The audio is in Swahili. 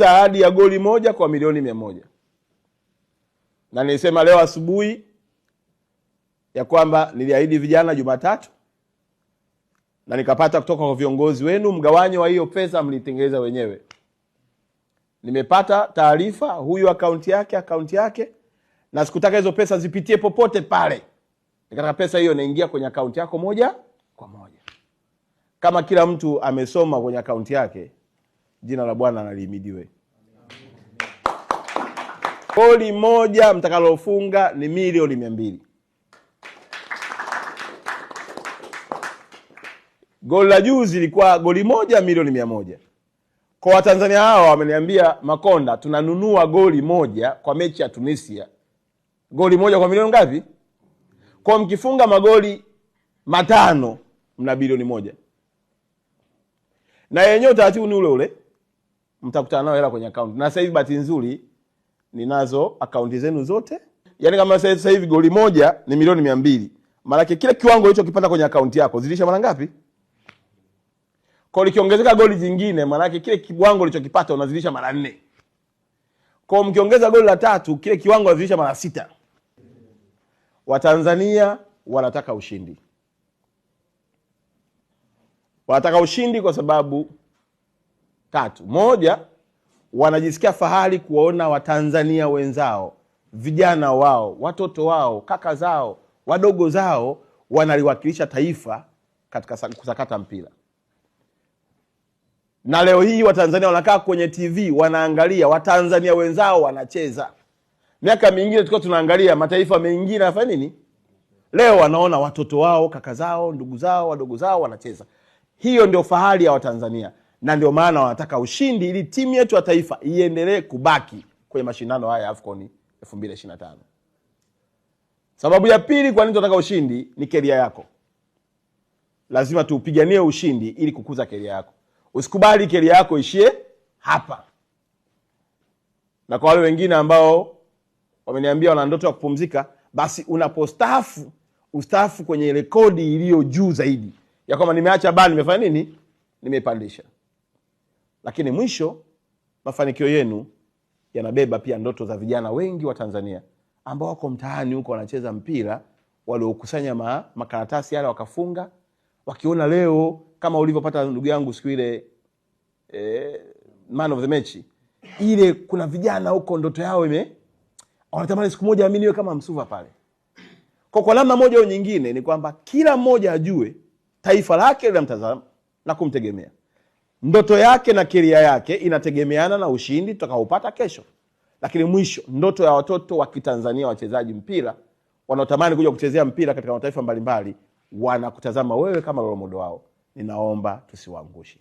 ahadi ya goli moja kwa milioni mia moja na nilisema leo asubuhi ya kwamba niliahidi vijana Jumatatu na nikapata kutoka kwa viongozi wenu. Mgawanyo wa hiyo pesa mlitengeneza wenyewe. Nimepata taarifa, huyu akaunti yake, akaunti yake, na sikutaka hizo pesa zipitie popote pale. Nikataka pesa hiyo inaingia kwenye akaunti yako moja kwa moja, kama kila mtu amesoma kwenye akaunti yake Jina la Bwana nalihimidiwe. Goli moja mtakalofunga ni milioni mia mbili. Goli la juzi ilikuwa goli moja milioni mia moja. Kwa Watanzania hawa wameniambia, Makonda, tunanunua goli moja kwa mechi ya Tunisia, goli moja kwa milioni ngapi? Kwa mkifunga magoli matano mna bilioni moja, na yenyewe utaratibu ni ule ule mtakutana nao hela kwenye akaunti. Na sasa hivi bahati nzuri ninazo akaunti zenu zote, yaani kama sasa hivi goli moja ni milioni mia mbili maanake kile kiwango kipata kwenye akaunti yako zilisha mara ngapi? Kwa likiongezeka goli jingine, maanake kile kiwango ulichokipata unazidisha mara nne. Kwa mkiongeza goli la tatu, kile kiwango unazidisha mara sita. Watanzania wanataka ushindi, wanataka ushindi kwa sababu tatu. Moja, wanajisikia fahari kuwaona Watanzania wenzao, vijana wao, watoto wao, kaka zao, wadogo zao wanaliwakilisha taifa katika kusakata mpira. Na leo hii Watanzania wanakaa kwenye TV wanaangalia Watanzania wenzao wanacheza. Miaka mingine tulikuwa tunaangalia mataifa mengine yanafanya nini. Leo wanaona watoto wao, kaka zao, ndugu zao, wadogo zao wanacheza. Hiyo ndio fahari ya Watanzania na ndio maana wanataka ushindi ili timu yetu ya taifa iendelee kubaki kwenye mashindano haya ya AFCON 2025. Sababu ya pili kwa nini tunataka ushindi ni keria yako. Lazima tuupiganie ushindi ili kukuza keria yako. Usikubali keria yako ishie hapa. Na kwa wale wengine ambao wameniambia wana ndoto ya kupumzika, basi unapostaafu ustaafu kwenye rekodi iliyo juu zaidi ya kwamba nimeacha bali nimefanya nini, nimepandisha. Lakini mwisho mafanikio yenu yanabeba pia ndoto za vijana wengi wa Tanzania ambao wako mtaani huko wanacheza mpira, waliokusanya ma, makaratasi yale wakafunga, wakiona leo kama ulivyopata ndugu yangu siku ile eh, man of the match ile. Kuna vijana huko ndoto yao ime wanatamani siku moja mimi niwe kama Msuva pale. Kwa kwa namna moja au nyingine, ni kwamba kila mmoja ajue taifa lake linamtazama na kumtegemea ndoto yake na keria yake inategemeana na ushindi tutakaopata kesho lakini mwisho ndoto ya watoto wa kitanzania wachezaji mpira wanaotamani kuja kuchezea mpira katika mataifa mbalimbali wanakutazama wewe kama lolomodo wao ninaomba tusiwaangushe